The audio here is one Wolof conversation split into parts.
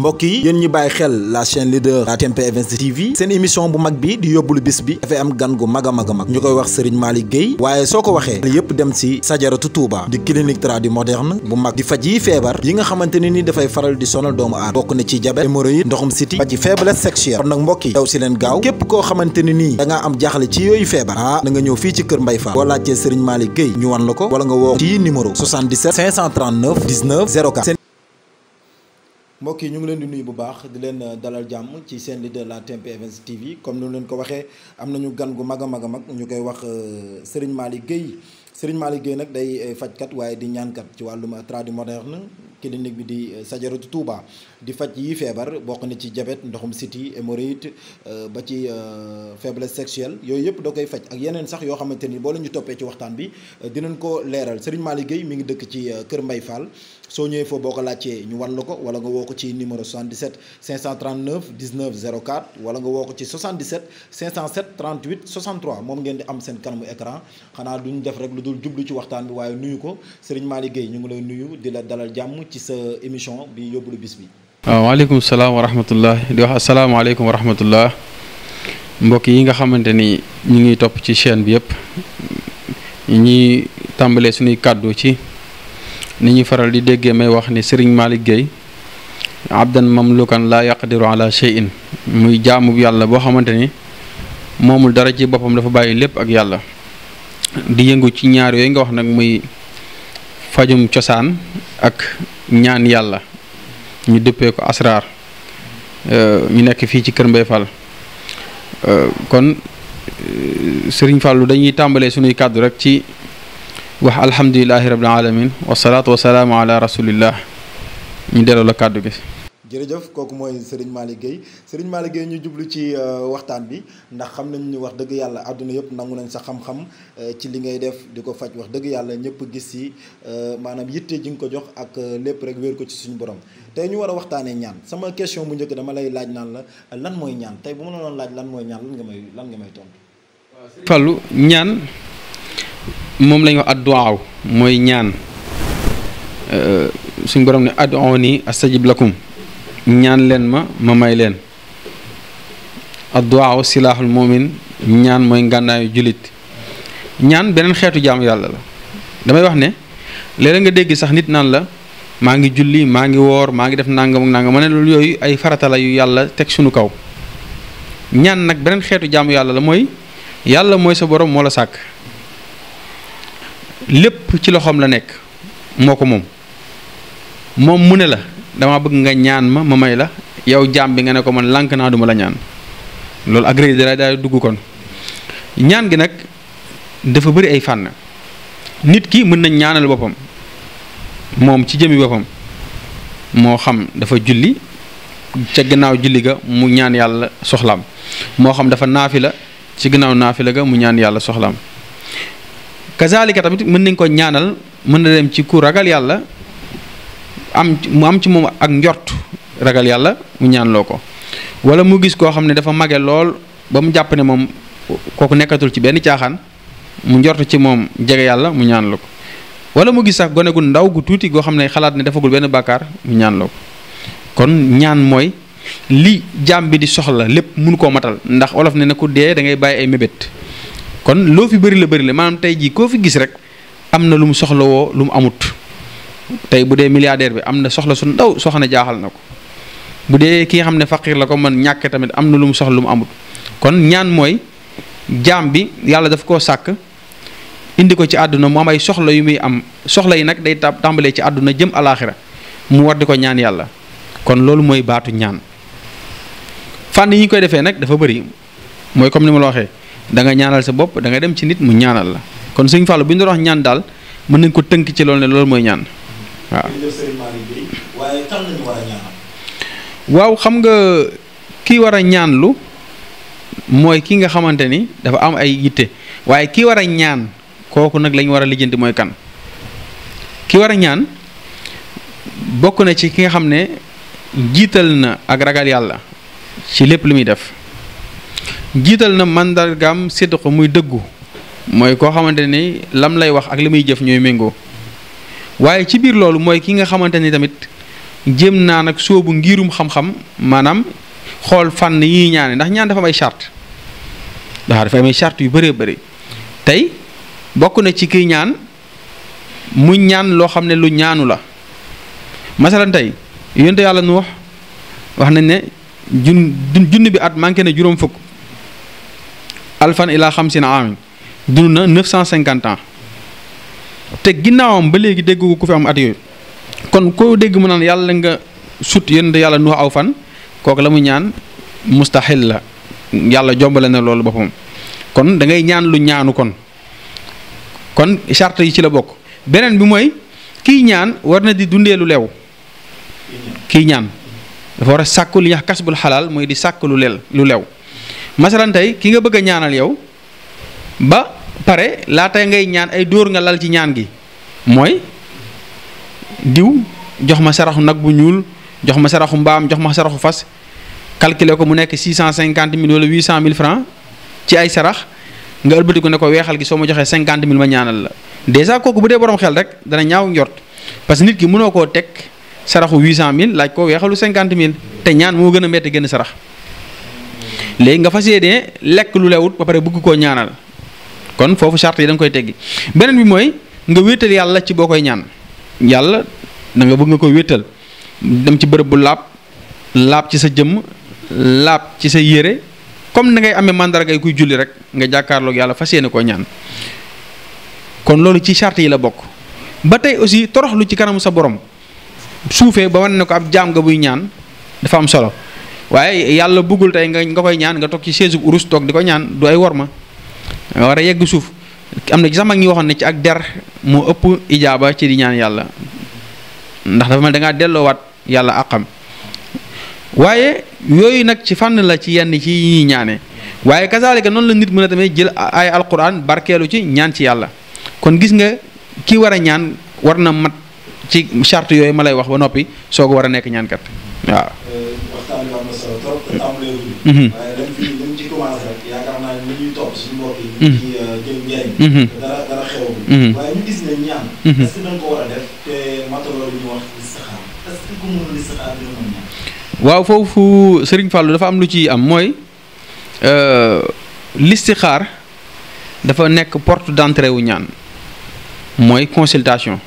mbokk yi yéen ñi bay xel la chaîne leader la TMP Events TV seen émission bu mag bi di Yobul bis bi fa am gan gu maga maga mag ñukoy wax Serigne malik gey waye soko waxe yépp dem ci Touba di clinique tradi moderne bu mag di faji yi yi nga xamanteni ni da fay faral di sonal doomu aadama bokku na ci diabète hémorroïde ndoxum siti ba ci faiblesse sexuelle kon mbokk yi daw si len gaaw képp ko xamanteni ni da nga am jaxlé ci yoy feebar ah na nga ñew fi ci kër mbay fa wala ci Serigne malik gey ñu wan lako wala nga wo ci numéro 77 539 19 04 mbokk yi ñu ngi leen di nuyu bu baax di leen uh, dalal jàmm ci seen leader la TMP Events TV comme ni leen ko waxee am nañu gan gu mag a mag a mag ñu koy wax uh, Serigne Malick Gueye Serigne Malick Gueye nag day uh, fajkat waaye di ñaankat ci wàllum tradi moderne clinique bi di euh, Sajaratu Touba di faj yi feebar bokk na ci diabète ndoxum siti hémorroïde euh, ba ci euh, faiblesse sexuelle yooyu yëpp da koy faj ak yeneen sax yoo xamante ni boo la ñu toppee ci waxtaan bi dinañ ko leeral Serigne Malick Gueye mi ngi dëkk ci Kër Mbay Fall soo ñëwee foofu boo ko laajtee ñu wan na ko wala nga woo ko ci numéro 77 539 19 04 wala nga woo ko ci 77 507 38 63 moom ngeen di am seen kanamu écran def rek lu dul jublu ci waxtaan bi waaye nuyu ko Serigne Malick Gueye ñu ngi lay nuyu di la dalal jàmm ci sa émission bi yobul bis bi wa alaykum salaam wa rahmatullah di wax alaykum wa rahmatullah mbokk yi nga xamanteni ñi ngi top ci chaîne bi yépp ñi tambalé suñu cadeau ci ni ñi faral di déggé may wax ni Serigne malik gay abdan mamlukan la yaqdiru ala shay'in muy jaamu yàlla boo xamante momul moomul dara ci bopam dafa bayyi lepp ak yalla di yëngu ci ñaar yoy nga wax nak muy fajum ciosan ak ñaan yàlla ñu dëppee ko asraar euh, ñu nekk fii ci kër Mbay Fall euh, kon euh, sëriñ Fàllu dañuy tàmbalee suñuy kàddu rek ci wax alhamdulilahi rabil alamin wasalaatu wasalaamu ala rasulillah ñu delloo la kàddu gi jërëjëf kooku mooy Serigne Malick Gueye Serigne Malick Gueye ñu jublu ci euh, waxtaan bi ndax xam nañ wax dëgg yàlla àdduna yëpp nangu nañ sa xam-xam euh, ci li ngay def di ko faj wax dëgg yàlla ñëpp gis si euh, maanaam yitte ji ko jox ak lépp rek wéer ko ci suñu borom tey ñu war a waxtaanee ñaan sama question bu njëkk dama lay laaj naan la lan mooy ñaan tey bu ma la laaj lan mooy ñaan lan nga may lan nga may tontu. Fallu ñaan moom la ñu wax adduwaaw mooy ñaan suñu borom ne adduwaaw astajib lakum ñaan leen ma ma may leen adduwaaw silaaxul moomin ñaan mooy ngànnaayu jullit ñaan beneen xeetu jaamu yàlla la damay wax ne léeg nga dégg sax nit naan la maa ngi julli maa ngi woor maa ngi def nangam ak nangam ma ne loolu yooyu ay faratala yu yàlla teg sunu kaw ñaan nag beneen xeetu jaamu yàlla la mooy yàlla mooy sa boroom moo la sàkk lépp ci loxoom la nekk moo ko moom moom mu ne la dama bëgg nga ñaan ma may la yow jaam bi nga ne ko man lànk naa duma la ñaan loolu agréé da daal dugg kon ñaan gi nag dafa bari ay fànn nit ki mën na ñaanal boppam moom ci jëmmi boppam moo xam dafa julli ca gannaaw julli ga mu ñaan yàlla soxlaam moo xam dafa naafi la ci gannaaw naafila ga mu ñaan yàlla soxlaam kazalika tamit mën nañ ko ñaanal mën na dem ci ku ragal yàlla am mu am ci moom ak njort ragal yàlla mu ñaan loo ko wala mu gis koo xam ne dafa mage lool ba mu jàpp ne moom kooku nekkatul ci benn caaxaan mu njort ci moom jege yàlla mu ñaan la ko wala mu gis sax gone gu ndaw gu tuuti goo xam ne xalaat ne defagul benn bàkkaar mu ñaan la ko kon ñaan mooy li jaam bi di soxla lépp mënu koo matal ndax olof ne na ku dee da ngay bàyyi ay mébét kon loo fi bëri la bëri la maanaam tey jii koo fi gis rek am na lu mu soxlawoo lu mu amut tey bu dee milliardaire bi am na soxla su ndaw soo jaaxal na ko bu dee ki nga xam ne faqiir la ko man ñàkk tamit am na lu mu soxla lu mu amut kon ñaan mooy jaam bi yàlla daf koo sàkk indi ko ci àdduna mu am ay soxla yu muy am soxla yi nag day tàmbalee ci àdduna jëm alaaxira mu war di ko ñaan yàlla kon loolu mooy baatu ñaan fànn yi ñu koy defee nag dafa bari mooy comme ni ma la waxee da nga ñaanal sa bopp da dem ci nit mu ñaanal la kon Sëñ Fallou bu ñu wax ñaan daal mën nañ ko tënk ci loolu ne loolu mooy ñaan waaw xam nga ki war a ñaanlu mooy ki nga xamante ni dafa am ay yitte waaye ki war a ñaan kooku nag lañu war a lijjanti mooy kan ki war a ñaan bokk na ci ki nga xam ne jiital na ak ragal yàlla ci lépp lu muy def jiital na màndargaam sidq muy dëggu mooy koo xamante ni lam lay wax ak li muy jëf ñooy méngoo waaye ci biir loolu mooy ki nga xamante ni tamit jéem naa nag soobu ngirum xam-xam maanaam xool fànn yi ñaane ndax ñaan dafa am ay charte ndax dafa am ay yu bëree bëri tey bokk na ci kiy ñaan mu ñaan loo xam ne lu ñaanu la masalan tey yonte yàlla nu wax wax nañ ne jun junn bi at manqué na juróom fukk alfan ilaa xamsin xam dund na 950 ans te ginnaawam ba léegi dégg ko ku fi am at yooyu kon ko dégg mu naan yàlla nga sut yéen yàlla nuux aw fan kooku la mu ñaan mustahil la yàlla jombale na loolu boppam kon da ngay ñaan lu ñaanu kon kon charte yi ci la bokk beneen bi mooy kii ñaan war di dundee lu lew kii ñaan dafa war a sàkku kasbul xalaal mooy di sàkk lu leel lu leew masalan tey ki nga bëgg ñaanal yow ba pare laata ngay ñaan ay dóor nga lal ci ñaan gi mooy diw jox ma saraxu nag bu ñuul jox ma saraxu mbaam jox ma saraxu fas calculer ko mu nekk six cent cinquante mille wala huit cent mille francs ci ay sarax nga ko ne ko weexal gi soo ma joxee cinquante mille ma ñaanal la dèjà kooku bu dee borom xel rek dana ñaaw njort parce que nit ki mënoo koo teg saraxu huit cent mille laaj ko weexalu cinquante mille te ñaan moo gën a metti gën sarax léegi nga fas yéenee lekk lu lewut ba pare bëgg koo ñaanal kon foofu charte yi da nga koy teggi beneen bi mooy nga wéetal yàlla ci boo koy ñaan yàlla da nga bëgg nga koy wéetal dem ci bërëb bu laab laab ci sa jëmm laab ci sa yére comme na ngay amee mandarga yi kuy julli rek nga jàkkaarloog yàlla fas yéene koo ñaan kon loolu ci charte yi la bokk ba tey aussi toroxlu ci kanamu sa borom suufee ba wane ne ko ab jaam nga buy ñaan dafa am solo waaye yàlla bëggul tey nga nga koy ñaan nga toog ci chaise bu urus toog di ko ñaan du ay worma nga war a yegg suuf am na ci sax mag ñi waxoon na ci ak der moo ëpp ijaaba ci di ñaan yàlla ndax dafa mel da ngaa delloowaat yàlla àqam waaye yooyu nag ci fànn la ci yenn ci ñuy ñaane waaye kasaalika noonu la nit mën a tamit jël ay alquran barkeelu ci ñaan ci yàlla kon gis nga ki war a ñaan war na mat ci charte yooyu ma lay wax ba noppi soo ko war a nekk ñaankat waaw. Euh, mbokk yi. Mm-hmm. ci euh, jëm njëriñ. Mm-hmm. Mm-hmm. waaw foofu Serigne Fallou dafa am lu ciy am mooy euh, listixaar dafa nekk porte d'entrée wu ñaan mooy consultation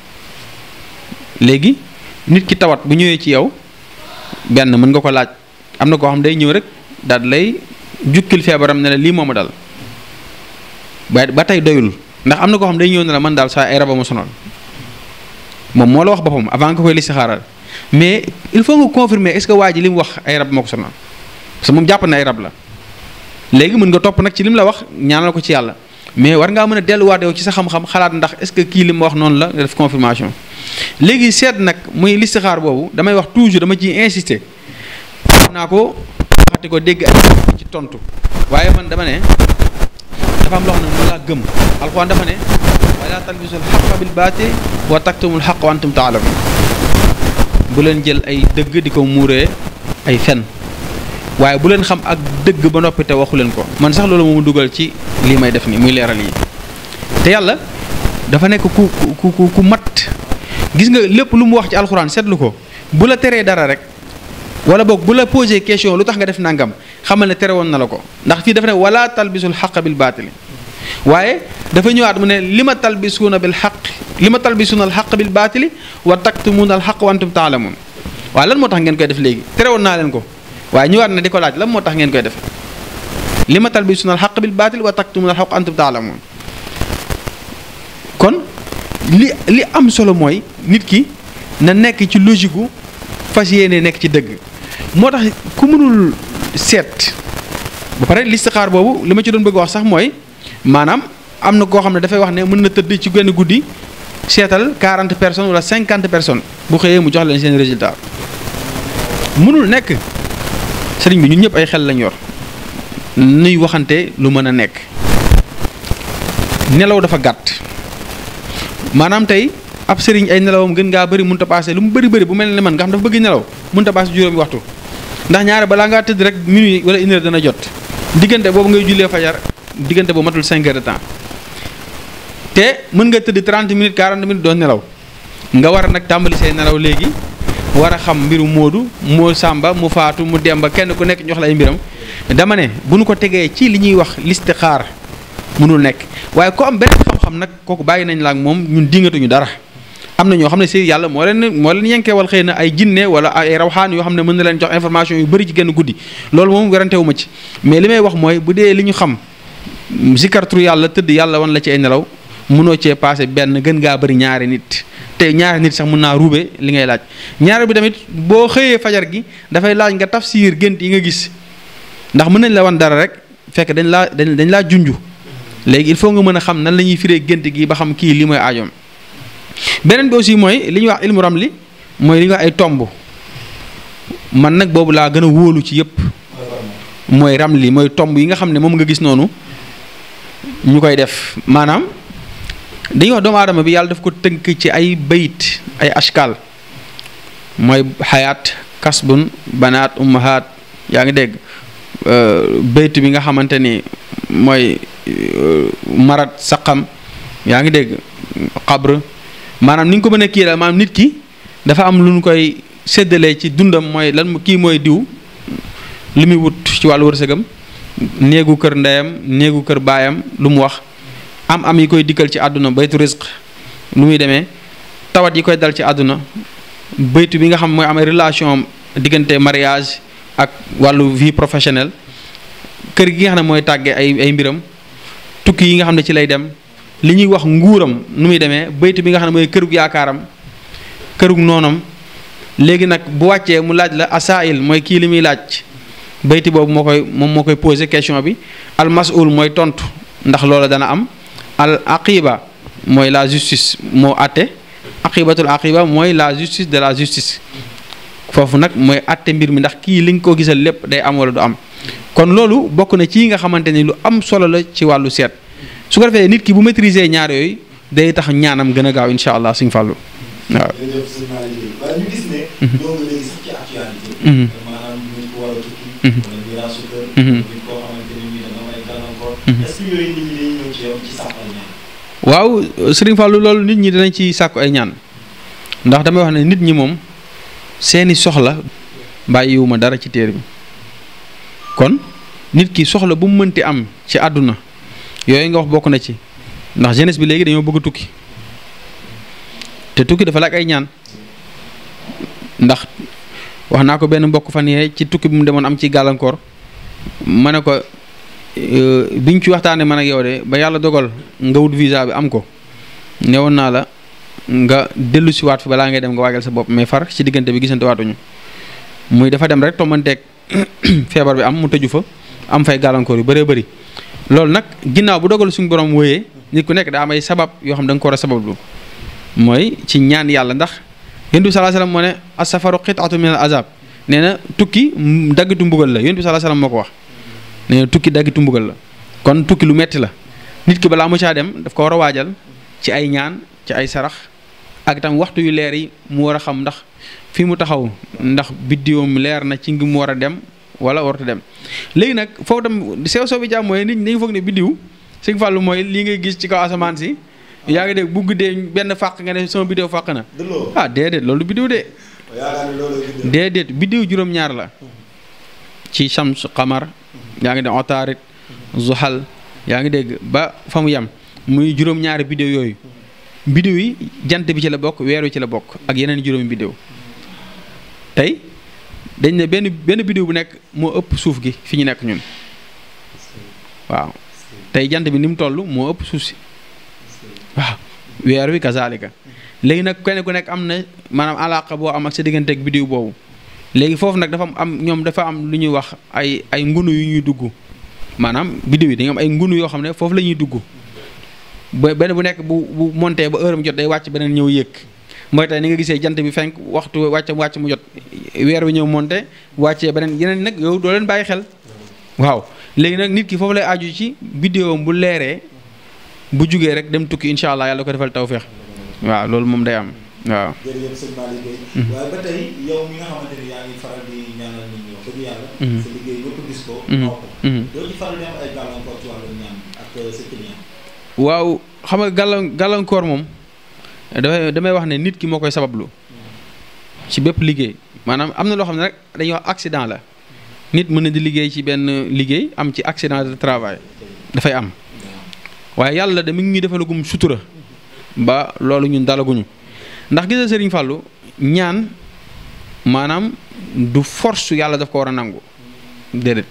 léegi nit ki tawat bu ñëwee ci yow benn mën nga ko laaj am na koo xam day ñëw rek daal lay jukkil feebaram ne lii moo ma dal ba ba tey doyul ndax am na ko xam day ñëw na la man daal saa ay rab ma sonal moom moo la wax boppam avant nga koy listixaaral mais il faut nga confirmer est que waa ji li mu wax ay rab moo ko sonal jàpp na ay rab la léegi mën nga topp nag ci li mu la wax ñaanal ko ci yàlla mais war ngaa mën a delluwaat ci sa xam xalaat ndax ce que kii li ma wax noonu la def confirmation léegi seet nag muy listixaar boobu damay wax toujours dama ci insister wax naa ko waxati ko dégg ay ci tontu waaye man dama ne dafa am loo xam ne moom gëm alxuraan dafa ne wala talbisul xaqa bil baati wa taktumul xaq wa antum taalamun leen jël ay dëgg di ko muuree ay fen waaye bu leen xam ak dëgg ba noppi te waxu leen ko man sax loolu moo dugal ci lii may def nii muy leeral yi te yàlla dafa nekk ku ku ku mat gis nga lépp lu mu wax ci alxuraan seetlu ko bu la teree dara rek wala bok bu la poser question lutax nga def nangam xamal ne tere won na la ko ndax fi dafa ne wala talbisul haqq bil batil waye dafa ñëwaat mu ne lima talbisuna bil haqq lima talbisuna al haqq bil batil wa taktumuuna al haqq wa antum ta'lamun wa lan motax ngeen koy def legi tere won na len ko waye ñëwaat na diko laaj lan motax ngeen koy def lima talbisuna al haqq bil batil wa taktumuuna al haqq wa antum ta'lamun kon li li am solo moy nit ki na nekk ci logique gu fas yéene nekk ci dëgg moo tax ku mënul seet ba pare listixaar boobu li ma ci doon bëgg wax sax mooy maanaam am na koo xam ne dafay wax ne mën na tëdd ci genn guddi seetal quarante personnes wala 50 personnes bu xëyee mu jox leen seen résultat mënul nekk sëriñ bi ñun ñëpp ay xel lañ yor nuy waxante lu mën a nekk nelaw dafa gàtt maanaam tey ab sëriñ ay nelawam gën ngaa bëri mënut a paase lu mu bari bëri bu mel ne man nga xam dafa bëgg nelaw mënut a paase juróomi waxtu. ndax ñaare balaa nga tedd rek minuit wala une heure dana jot diggante bobu ngay jullee fajar diggante bu matul 5 heures de temps té mën nga tedd 30 minutes 40 minutes do nelaw nga war nak tambali say nelaw légui wara xam mbiru moodu mo samba mu faatu mu demba kenn ku nek ñu lay mbiram dama né buñ ko téggé ci li ñuy wax listikhar mënul nek waye ko am benn xam-xam nak koku bàyyi nañ la ak mom ñun dingatuñu dara am na ñoo xam ne si yàlla moo leen moo leen yenkeewal xëy na ay jinne wala ay rawxaan yoo xam ne mën na leen jox information yu bëri ci genn guddi loolu moom werante wu ma ci mais li may wax mooy bu dee li ñu xam zikartu yàlla tëdd yàlla wan la ci ay nelaw mënoo cee passé benn gën gaa bëri ñaari nit te ñaari nit sax mun naa ruube li ngay laaj ñaari bi tamit boo xëyee fajar gi dafay laaj nga taf tafsir gént yi nga gis ndax mën nañ la wan dara rek fekk dañ laa dañ dañ laa junju léegi il faut mën a xam nan la ñuy firee gént gi ba xam kii li mooy aajoom beneen bi aussi mooy li ñuy wax ilmu ramli mooy li ñuy wax ay tomb man nag boobu laa gën a wóolu ci yëpp mooy ramli mooy tomb yi nga xam ne moom nga gis noonu ñu koy def maanaam dañuy wax doomu aadama bi yàlla daf ko tënk ci ay bayit ay ashkal mooy xayaat kasbun banaat ummahaat yaa ngi dégg euh, bayt bi nga xamante ni mooy euh, marat saqam yaa ngi dégg xabr maanaam ni ñu ko mën a kii nit ki dafa am lu ñu koy séddalee ci dundam mooy lan kii mooy diw li muy wut ci wàllu wërsëgam néegu kër ndeyam néegu kër baayam lu mu wax am am yi koy dikkal ci àdduna baytu risq lu muy demee tawat yi koy dal ci àdduna baytu bi nga xam mooy am relation diggante mariage ak wàllu vie professionnelle kër gi nga xam ne mooy tàggee ay ay mbiram tukki yi nga xam ne ci lay dem li ñuy wax nguuram nu muy demee bayt bi nga xam ne mooy kërug yaakaaram kërug noonam léegi nag bu wàccee mu laaj la asail mooy kii li muy laaj bayti boobu moo koy moom moo koy posé question bi al masul mooy tontu ndax loola dana am al aqiba mooy la justice moo àtte aqibatul aqiba mooy la justice de la justice foofu nag mooy àtte mbir mi ndax kii li nga ko gisal lépp day am wala du am kon loolu bokk na ci nga xamante ni lu am solo la ci wàllu seet su ko defee nit ki bu maîtriser ñaar yooyu day tax ñaanam gën a gaaw incha allah suñ fàllu waaw. ñu gis loolu nit ñi dinañ ci sàkku ay ñaan ndax damay wax ne nit ñi moom seeni soxla bàyyiwuma dara ci téere bi kon nit ki soxla bu mu mënti am ci àdduna yooyu nga wax bokk na ci ndax jeunesse bi léegi dañoo bëgg tukki te tukki dafa laaj ay ñaan ndax wax naa ko benn mbokk fan yee ci tukki bi mu demoon am ci gàllankoor ma ne ko euh, biñ ci waxtaanee mën ak yow de ba yàlla dogal nga wut visa bi am ko newoon naa la nga dellu si waat fi balaa ngay dem nga waajal sa bopp mais far ci diggante bi gisante waatuñu muy dafa dem rek tombanteeg feebar bi am mu tëju fa am fay gàllankoor yu bëree bari loolu nag ginnaaw bu dogal suñu borom woyee nit ku nekk daa am ay sabab yoo xam da nga ko war a sabablu mooy ci ñaan yàlla ndax yonent bi sallallahu alayhi wasallam moo ne asafaru qit'atun min al azab nee na tukki daggitu mbugal la yonent bi moo ko wax tukki daggitu mbugal la kon tukki lu metti la nit ki balaa mu caa dem daf ko war a waajal ci ay ñaan ci ay sarax ak itam waxtu yu leer yi mu war a xam ndax fi mu taxaw ndax biddiwam leer na ci ngi mu war a dem wala wartu dem léegi nag foofu tam sew sew bi ci mooy nit ñi dañu foog ne biddiw Sëñ Fàllu mooy lii ngay gis ci kaw asamaan si yaa ngi dégg bu guddee benn fàq nga ne sama biddiw fàq na ah déedéet loolu biddiw de déedéet biddiw juróom-ñaar la ci shams xamar yaa ngi dégg otaarit zuhal yaa ngi dégg ba fa mu yem muy juróom-ñaari biddiw yooyu biddiw yi jant bi ci la bokk weer wi ci la bokk ak yeneen juróomi biddiw tey dañ ne benn benn biddiw bu nekk moo ëpp suuf gi fi ñu nekk ñun waaw tey jant bi ni mu toll moo ëpp suuf si waaw weer wi kazaalika léegi nag kenn ku nekk am na maanaam alaaka boo am ak sa digganteeg biddiw boobu léegi foofu nag dafa am ñoom dafa am lu ñuy wax ay ay ngunu yu ñuy dugg maanaam biddiw yi dañu am ay ngunu yoo xam ne foofu lañuy dugg ba benn bu nekk bu bu montee ba heure am jot day wàcc beneen ñëw yéeg. mooy tey ni nga gisee jant bi fenk waxtu wàcc wàcc mu jot weer wi ñëw monte wàccee beneen yeneen nag yow doo leen bàyyi xel waaw léegi nag nit ki foofu lay aju ci bidéowam bu leeree bu jógee rek dem tukki incha allah yàlla ko defal tawféex waaw loolu moom day am waaw. Mhm. Mhm. Mhm. waaw xam nga gàllankoor moom. damay damay wax ne nit ki moo koy sabablu ci bépp liggéey maanaam am na loo xam ne rek dañuy wax accident la nit mën na di liggéey ci benn liggéey am ci accident de travail dafay am waaye yàlla de mi ngi ñu defalagum sutura ba loolu ñun dalaguñu ndax gis nga Serigne ñaan maanaam du force yàlla daf ko war a nangu déedéet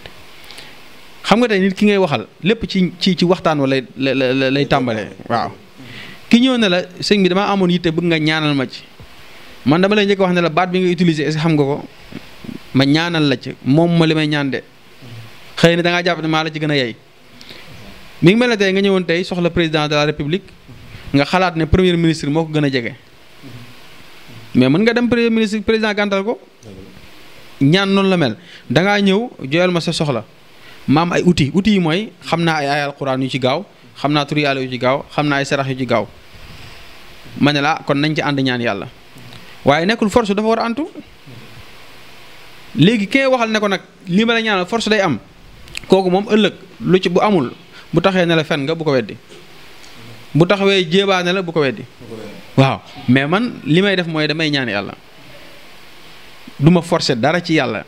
xam nga tey nit ki ngay waxal lépp ci ci ci waxtaan wa lay lay tàmbalee waaw. ki ñëw ne la sëñ bi dama amoon yitte bëgg nga ñaanal ma ci man dama lay njëkk wax ne la baat bi nga utiliser est xam nga ko ma ñaanal la ci moom ma li may ñaan de xëy na da ngaa jàpp ne maa la ci gën a yey mi ngi mel ne tey nga ñëwoon tey soxla président de la république nga xalaat ne premier ministre moo ko gën a jege mais mën nga dem premier ministre président gàntal ko ñaan noonu la mel dangaa ñëw joyal ma sa soxla maam ay outils outils yi mooy xam naa ay ay alquran ci gaaw xam naa tur yàlla yu ci gaaw xam naa ay sarax yu ci gaaw ma ne la kon nañ ci ànd ñaan yàlla waaye nekkul force dafa war a antu léegi kee waxal ne ko nag lii ma la ñaanal force day am kooku moom ëllëg lu ci bu amul bu taxee ne la fen nga bu ko weddi bu taxawee jéebaa ne la bu ko weddi waaw mais man li may def mooy damay ñaan yàlla duma ma dara ci yàlla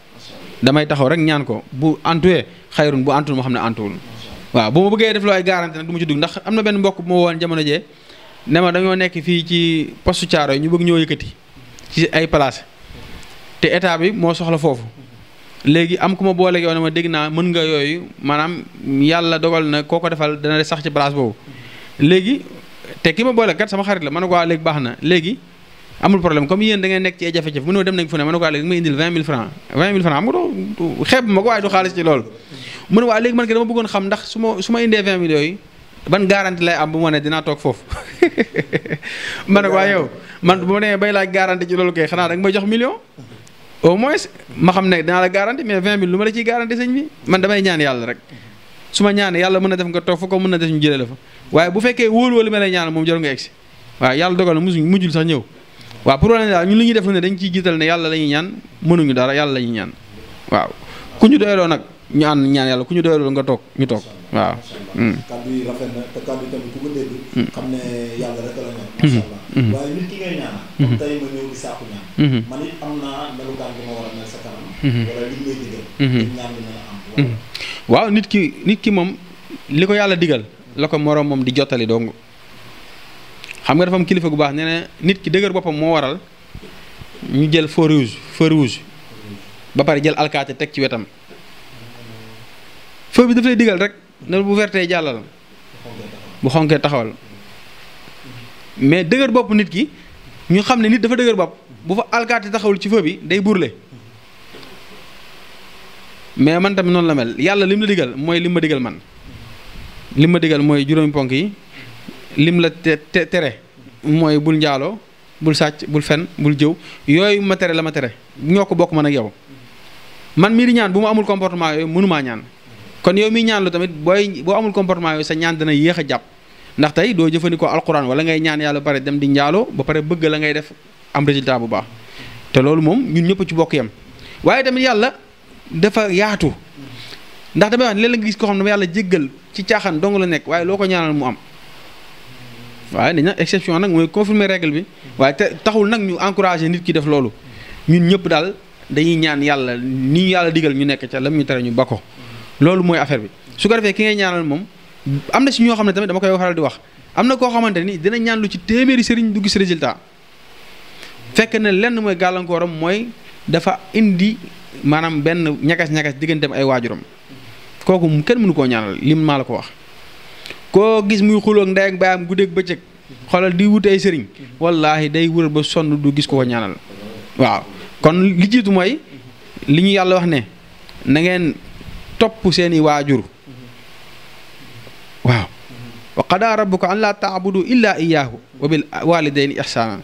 damay taxaw rek ñaan ko bu antuwee xayrun bu antul moo xam ne antuwul waaw bu ma bëggee def loo ay garanti nag du ma ci dugg ndax am na benn mbokk bu ma jamono jee ne ma dañoo nekk fii ci postu caaro yi ñu bëgg ñoo yëkkati ci ay place te état bi moo soxla foofu léegi am ku ma boole yow ma dégg naa mën nga yooyu maanaam yàlla dogal na koo ko defal dana sax ci boobu léegi ki ma booleeg kat sama xarit la ma ne ko waa léegi baax na léegi amul problème comme yéen da ngeen nekk ci ay jafe-jafe mu ne dem nañ fu ne ma ne ko waa léegi ma indil vingt mille francs vingt mille francs am nga doo xeeb ma ko waaye du xaalis ci loolu mu ne waa léegi man ko dama bëggoon xam ndax su ma su ma indee 20 millions yi ban garantie lay am bu ma ne dinaa toog foofu ma ne waa yow man bu ma nee bay laaj garantie ci loolu kay xanaa da nga jox million au moins xam ne dinaa la mais 20 mille lu ma la ciy garantie sëñ bi man damay ñaan yàlla rek su ma ñaanee yàlla mën na def nga toog fa ko mën na def ñu jëlee la fa waaye bu fekkee wóolu wóolu ma lay ñaan moom jarul nga egsi waaw yàlla dogal na musuñ mujjul sax ñëw waaw pour wala daal ñun li ñuy def ne dañ ciy jiital ne yàlla la ñuy ñaan mënuñu dara yàlla la ñuy ñaan waaw ku ñu doyloo nag ñu ànd ñaan yàlla ku ñu doyalul nga toog ñu toog waaw. Mm. ko dégg. Mm. xam nit ki nit ki moom li ko yàlla digal la ko moroom moom di jottali dong xam nga dafa kilifa gu baax nee na nit ki dëgër boppam moo waral ñu jël feu rouge ba pare jël alkaati teg ci wetam. feu bi daf lay digal rek na bu verté jallal bu xonké taxawal mais dëgër bop nit ki ñu xamné nit dafa dëgër bop bu fa alkaati taxawul ci feu bi day bourlé mais man tam non la mel yalla lim la digal moy lim ma digal man lim ma digal moy juroom ponk yi lim la téré tere bul njaaloo bul sacc bul fen bul jëw yoy ma la ma tere ñoo bok man ak yow man miri di ñaan bu ma amul comportement yoy mënuma ñaan kon yow ñaan ñaanlu tamit booy boo amul comportement yooyu sa ñaan dana yéex a jàpp ndax tey doo jëfandikoo alquran wala ngay ñaan yàlla pare dem di njaaloo ba pare bëgg la ngay def am résultat bu baax te loolu moom ñun ñëpp ci bokk yam waaye tamit yàlla dafa yaatu ndax damay wax ne gis ko xam ne yàlla jéggal ci caaxaan dong la nekk waaye loo ko ñaanal mu am waaye dañ nag exception nag mooy confirmer règle bi waaye taxul nag ñu encouragé nit ki def loolu ñun ñëpp daal dañuy ñaan yàlla ni yàlla digal ñu nekk ca lam ñu tere ñu ba ko loolu moy affaire bi su ko defé ki ngay ñaanal mom amna ci ño ñoo tamit dama koy waxal di wax amna ko xamanteni dina ñaan lu ci téméri sëriñ dugg si résultat fekk na lenn moy galankoram moy dafa indi manam ben ñagas-ñagas digganteem ay wajurum koku kenn mënu ko ñaanal lim ma la ko wax ko gis muy ak ndey ak baayam guddeeg beccëk xolal di wuté ay sëriñ wallahi day wër ba sonn du gis ko ñaanal waaw kon li jitu moy li ñu wax ne na ngeen topp seeni waajur waaw wa qadaa rabbuka an laa taabudu illaa iyaahu wa bil waalidayni ihsaanan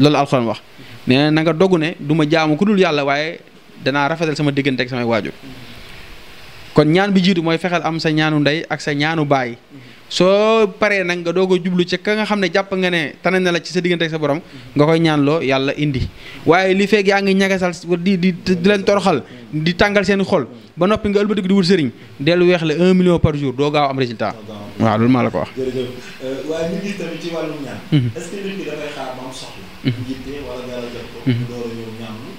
loolu alxuraan wax nee na nga dogu ne du ma jaamu ku dul yàlla waaye danaa rafetal sama diggante ak samay waajur kon ñaan bi jiitu mooy fexeel am sa ñaanu ndey ak sa ñaanu baay so paré nak nga dogo djublu ci ka nga xamné japp nga né tane na la ci sa digënté ak sa borom nga koy ñaan lo yalla indi waye li feeg ya nga ñagasal di di di len toroxal di tangal seen xol ba nopi nga ëlbatiku di wut sëriñ dellu weex la 1 million par jour do gaaw am résultat wa loolu ma la ko wax waye nit ñi tamit ci walu ñaan mhm. est-ce que nit ki da fay xaar ba am soxla mhm. yitte wala dara jox ko mhm. door a ñëw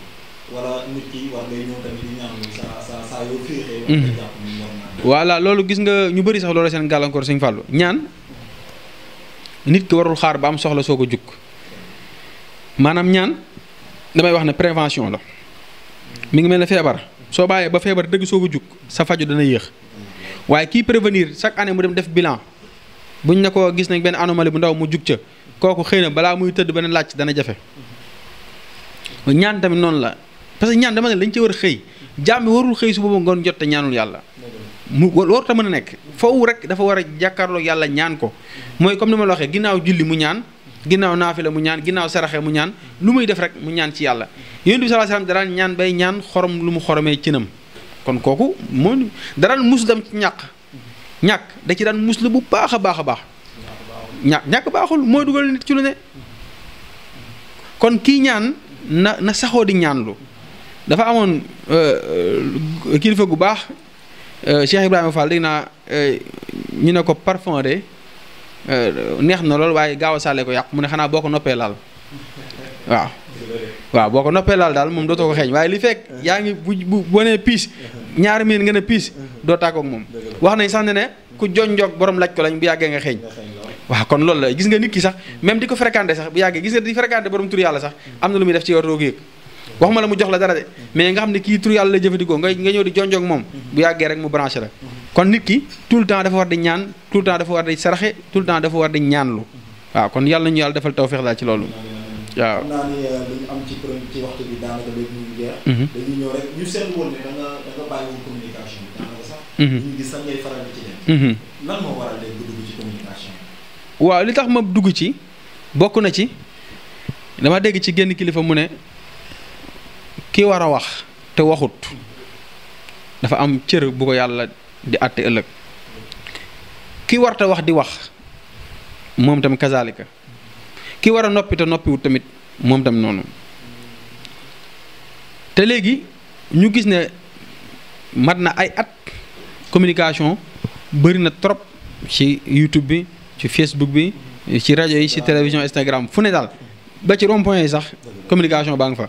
wala nit ki war ngay ñëw tamit di ñaanlu sa sa saa yoo féexee wala jàpp wala loolu gis nga ñu bari sax loolu seen nyan seigne fallu ñaan nit ki warul xaar ba am soxla soko juk manam ñaan damay wax ne prévention la mi ngi melni febar so baye ba febar deug soko juk sa faju dana yeex waye ki prévenir chaque année mu dem def bilan buñ ne ko gis nañ ben anomalie bu ndaw mu juk ca koku xeyna bala muy teud lacc dana jafe ñaan tamit non la parce que ñaan dama ne lañ ci wër xey jaam warul xey su bobu ngon ñaanul yalla mu warut a mën a nekk foofu rek dafa war a jàkkaarloo yàlla ñaan ko mooy comme ni ma la waxee ginnaaw julli mu ñaan ginnaaw naafila mu ñaan ginnaaw saraxe mu ñaan lu muy def rek mu ñaan ci yàlla yonent bi sallallahu alayhi daraan ñaan bay ñaan xorom lu mu xoromee cinam kon kooku moo daraan mus dem ci ñàq ñàkk da ci daan mus la bu baax a baax a baax ñàkk ñàkk baaxul mooy dugal nit ci lu ne kon kii ñaan na di ñaanlu dafa amoon euh, euh, kilifa gu baax Euh, Cheikh Ibrahima Fall dégg naa euh, ñu ne ko parfum de euh, neex na lool waaye gaaw a sàlle ko yàq mu ne xanaa boo ko noppee laal waaw. waaw boo ko noppee laal daal moom dootoo ko xeeñ waaye li fekk yaa ngi bu bu wanee piis ñaar miin nga ne piis doo tàggoog moom wax nañ sax ne ne ku jonjoog borom laaj ko lañ bu yàggee nga xeeñ. waaw kon loolu la gis nga nit ki sax même di ko fréquenté sax bu yàggee gis nga di fréquenté borom tur yàlla sax am na lu muy def ci yow waxuma la mu jox la dara de mais nga xam ne kii tur yàlla la jëfandikoo nga nga ñëw di jonjoog moom bu yàggee rek mu branché la kon nit ki tout le temps dafa war di ñaan tout le temps dafa war di saraxe tout le temps dafa war di ñaanlu kon yàlla nañu lu euh, mhm. da nga da nga mhm. mhm. waaw li tax ma dugg ci bokk na ci dama dégg ci génn kilifa mu ne ki war a wax te waxut dafa am cër bu ko yàlla di àtte ëllëg ki warta wax di wax moom tam kazalika ki war a noppi te noppiwut tamit moom tam noonu te léegi ñu gis ne mat na ay at communication bëri na trop ci YouTube bi ci Facebook bi ci rajo yi ci télévision Instagram fu ne daal ba ci rond yi sax communication baa nga fa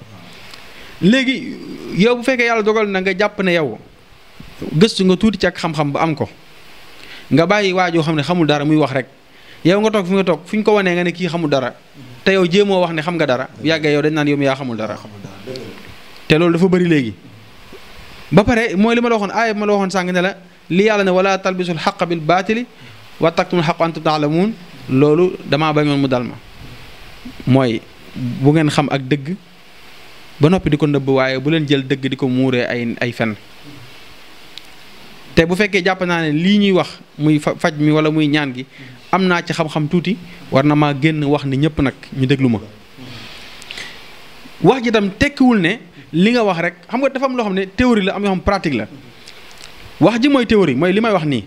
léegi yow bu fekkee yàlla dogal na nga jàpp ne yow gëstu nga tuuti ci ak xam-xam ba am ko nga bàyyi waajoo xam ne xamul dara muy wax rek yow nga toog fi nga toog fi ñu ko wanee nga ne kii xamul dara te yow jéemoo wax ne xam nga dara yàggee yow dañ naan yow yaa xamul dara te loolu dafa bari léegi ba pare mooy li ma la waxoon aaya bi ma la waxoon sàng ne la li yàlla ne wala talbisul xaq bil baatili wa taktumul xaq antum taalamuun loolu damaa bañoon mu dal ma mooy bu ngeen xam ak dëgg ba noppi di ko nëbb waaye bu leen jël dëgg di ko muuree ay ay fen te bu fekkee jàpp naa ne lii ñuy wax muy faj mi wala muy ñaan gi am naa ci xam-xam tuuti war na maa génn wax ni ñëpp nag ñu déglu ma wax ji tam tekkiwul ne li nga wax rek xam nga dafa am loo xam ne théorie la am xam pratique la wax ji mooy théorie mooy li may wax nii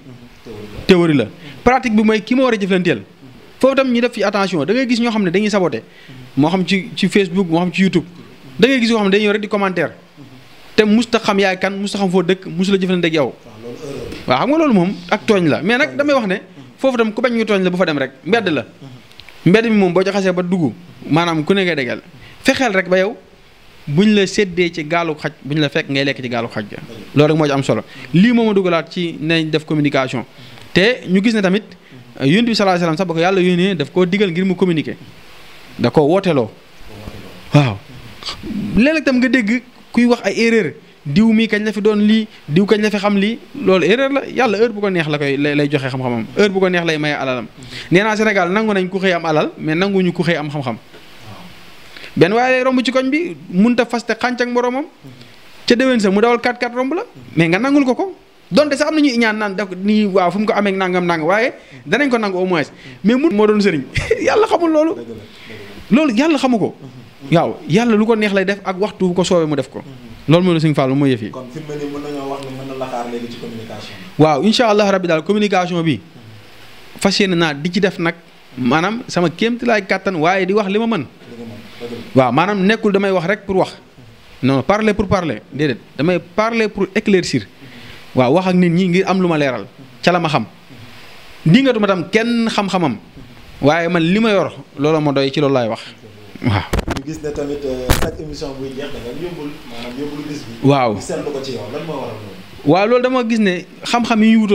théorie la pratique bi mooy ki mu war a jëflanteel foofu tam ñu def fi attention da gis ñoo xam ne dañuy sabote moo xam ci ci Facebook moo xam ci YouTube da ngay gis yoo xam ne day ñëw rek di commentaire te mus xam yaay kan mus xam foo dëkk musu la jëflante ak yow. waaw xam nga loolu moom ak tooñ la mais nag damay wax ne foofu tam ku bañ ñu tooñ la bu fa dem rek mbedd la mbedd mi moom boo ci xasee ba dugg maanaam ku ne ngay dégal fexeel rek ba yow buñ la séddee ci gaalu xaj bu ñu la fekk ngay lekk ci gaalu xaj ga loolu rek moo ci am solo lii moom a dugalaat ci nañ def communication te ñu gis ne tamit yonent bi sallallahu alayhi wasallam sax ba ko yàlla yónnee daf koo digal ngir mu da ko wooteloo léeg-léeg tam nga dégg kuy wax ay erreur diw mii kañ la fi doon lii diw kañ la fi xam lii loolu erreur la yàlla heure bu ko neex la koy lay joxe xam-xamam heure bu ko neex lay maye alalam mm-hmm. nee naa Sénégal nangu nañ ku xëy am alal mais nanguñu ku xëy am xam-xam benn waaye lay romb ci koñ bi munta faste xànc ak moroomam mm-hmm. ca déwén sa mu dawal 4-4 romb la mm-hmm. mais nga nangul ko ko donte sax am nañu ñaan naan daf nii waaw fu mu ko amee nangam nangam waaye danañ ko nangu au mais mu moo doon sëriñ yàlla xamul loolu loolu yàlla xamu ko waaw yàlla lu ko neex lay def ak waxtu ko soobee mu def ko. Mhm. loolu mooy la Sëñ Fallu mooy yëf yi. fi mu ne nii waaw incha allah rabi daal communication bi fas yéene naa di ci def nag maanaam sama kéemtalaay kàttan waaye di wax li ma mën. waaw maanaam nekkul damay wax rek pour wax non parler pour parler déedéet damay parle pour éclaircir waaw wax ak nit ñi ngir am lu ma leeral ca la ma xam dingatuma tam kenn xam-xamam waaye man li ma yor loola ma doy ci loolu laay wax. waaw ñu gis ne tamit euh, émission buy jeex da nga yóbbul loolu. dama gis ne xam-xam yi ñu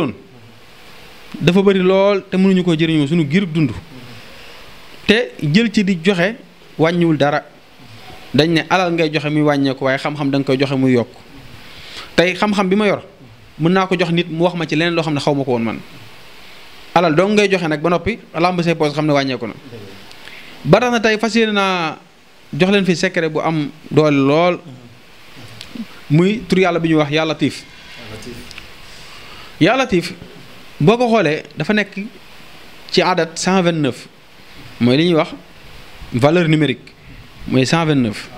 dafa bari lool te mënuñu ko jëriñoo suñu giir dund. te jël ci di joxe wàññiwul dara dañ ne alal ngay joxe muy wàññeeku waaye xam-xam da koy joxe muy yokk tey xam-xam bi ma yor mën naa ko jox nit mu wax ma ci leneen loo xam ne xaw ma ko woon man alal dong ngay joxe nag ba noppi lamb say poos xam ne wàññeeku na. ba na tey fas yéene naa jox leen fi secret bu am doole lool muy tur yàlla bi ñuy wax yàlla tiif yàlla tiif boo ko xoolee dafa nekk ci adat 129 mooy li ñuy wax valeur numérique mooy 129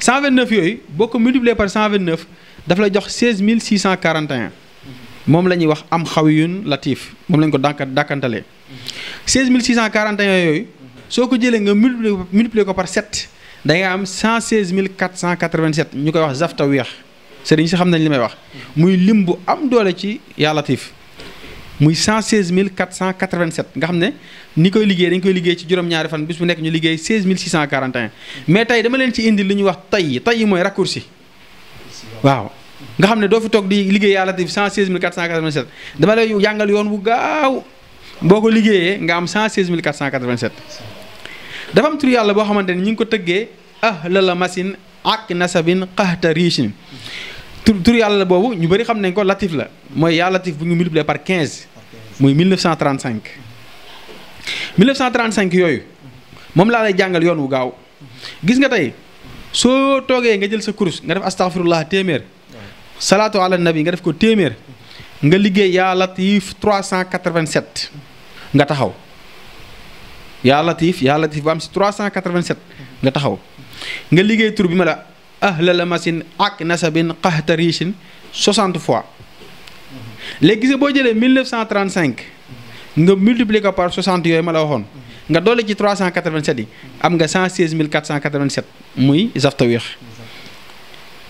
129 yooyu boo ko multiplier par 129 daf lay jox 16641 moom la ñuy wax am xaw xawiyun latif moom la ñu ko dànk dàkkantalee 16641 yooyu soo ko jëlee nga multiplier ko multiplier ko par 7 da nga am 116 487 ñu koy wax zafta weex sëriñ si xam nañ li may wax muy lim bu am doole ci yàlla tiif muy 116 487 nga xam ne ni koy liggéey dañ koy liggéey ci juróom-ñaari fan bis bu nekk ñu liggéey 16 641 mais tey dama leen ci indi li ñuy wax tey tey mooy raccourci waaw nga xam ne doo fi toog di liggéey yàlla tiif 116 487 dama lay jàngal yoon bu gaaw boo ko liggéeyee nga am 116 487 dafa am tur yàlla boo xamante ni ñu ngi ko tëggee la ahlal masin ak nasabin qaxta riichin tur tur yàlla boobu ñu bëri xam nañ ko latif la mooy yaa latif bu ñu multiplié par 15 muy 1935 1935 yooyu moom laa lay jàngal yoon wu gaaw gis nga tey soo toogee nga jël sa kurus nga def astaghfirullah téeméer salaato salaatu na nabi nga def ko téeméer nga liggéey yaa latif 387 nga taxaw yaa latif yaa latif ba am si nga taxaw nga liggéey tur bi ma la ahla la masin ak nasabin qaxta riichin 60 fois léegi gis nga boo jëlee 1935 nga multiplier ko par 60 yooyu ma la waxoon nga dolli ci 387 yi am nga 116487 muy zaftawix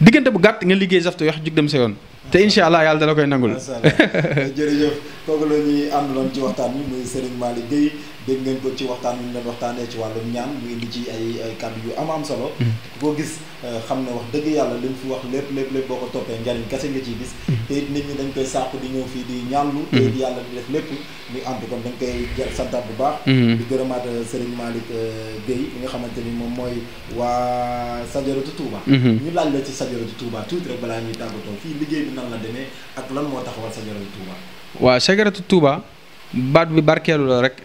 diggante bu gàtt nga liggéey zaftawix jug dem sa yoon te incha allah yàlla dala koy nangul jërëjëf kooku la ñuy àndaloon ci waxtaan bi muy Serigne Malick Gueye dégg ngeen ko ci waxtaan bi ñu doon waxtaanee ci wàllum ñaan mu indi ci ay kàddu yu am am solo. Mm. ku ko gis euh, xam ne wax dëgg yàlla li fi wax lépp lépp boo ko toppee njariñ kese nga ciy gis. Mm. te ñi dañ koy sàkku di ñëw fii di ñaanlu. Mm. te yàlla di def lépp muy ànd kon dañ koy jël santaat bu baax. di gërëmaat euh, sëriñ Malick euh, Gueye bi nga xamante ni moom mooy waa Sajaratu Touba. Mm-hmm. ñu laaj la ci Sajaratu Touba tuuti rek balaa ñuy tàggatoo fii liggéey bi nan la demee ak lan moo taxawal Sajaratu Touba waa sagaratu Touba baat bi barkeelu la rek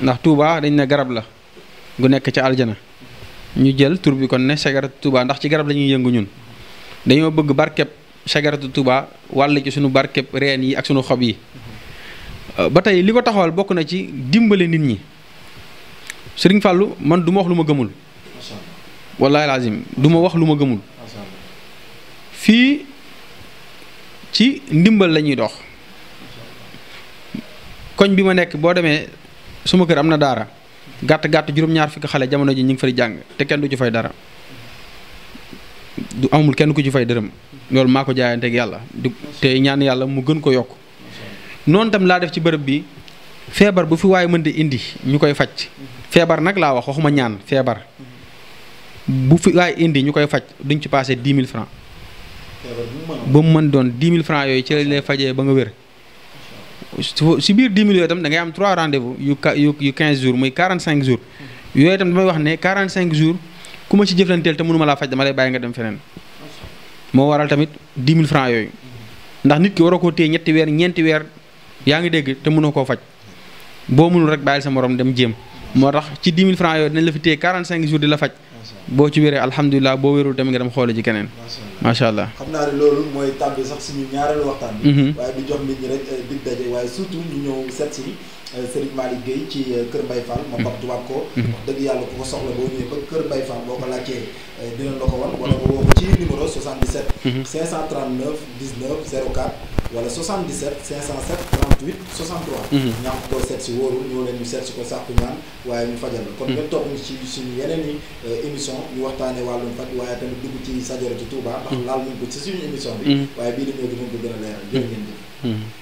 ndax Touba dañ ne garab la gu nekk ca aljana ñu jël tur bi kon ne sagaratu Touba ndax ci garab la yëngu ñun dañoo bëgg barkeb sagaratu Touba wàll ci suñu barkeb reen yi ak suñu xob yi euh, ba tey li ko taxawal bokk na ci dimbale nit ñi Sëriñ Fàllu man du wax lu ma gëmul wallahi lazim du ma wax lu ma gëmul fii ci ndimbal la ñuy dox koñ bi ma nekk boo demee suma kër am na daara gàtt gàtt juróom-ñaar fukki xale jamono ji ñu ngi fay jàng te kenn du ci fay dara du amul kenn ku ci fay dërëm loolu maa ko jaayanteeg yàlla du te ñaan yàlla mu gën ko yokk noonu tam laa def ci bërëb bi feebar bu fi waaye mën di indi ñu koy faj feebar nag laa wax waxuma ñaan feebar bu fi waaye indi ñu koy faj duñ ci passé dix mille francs ba mu mën doon dix mille francs yooyu ci lañ lay fajee ba nga wér si biir 10 000 yooyu itam da ngay am 3 rendez-vous yu yu yu 15 jours muy 45 jours yooyu itam damay wax ne 45 jours ku ma ci jëflanteel te mënu ma laa faj dama lay bàyyi nga dem feneen moo waral tamit 10 000 francs yooyu ndax nit ki war a koo téye ñetti weer ñeenti weer yaa ngi dégg te mënoo koo faj boo mënul rek bàyyil sa morom dem jéem moo tax ci 10 000 francs yooyu dinañ la fi téye 45 jours di la faj. boo ci wéree alhamdulilah boo wérul tamit nga dem xooli ji keneen macha allah xam naa ne loolu mooy tàmbali sax suñu ñaareelu waxtaan bi mhm. waaye du jox nit ñi rek eh, dig daje waaye surtout ñu ñëw seet si eh, Serigne Malick Gueye ci eh, Kër Mbaye Fall ma pap tubaab ko mhm. dëgg yàlla ku ko soxla boo ñëwee ba Kër Mbaye Fall boo ko laajtee dinañ la ko wan wala nga woo ko ci numéro 77 539 19 04 wala 77 507 38 63. ña am ko seet si wóorul ñoo leen ñu seet si ko sàkku ñaan waaye ñu fajal la. kon mhm. ngeen toog ñu ci suñu yeneen i euh, émission ñu waxtaanee wàllum faj waaye tamit dugg ci Sadiaratu Touba. Mhm. ndax laal nañ ko ci suñu émission bi. Mhm. waaye bii di ñëw dinañ ko gën leeral. jërë ngeen jëf.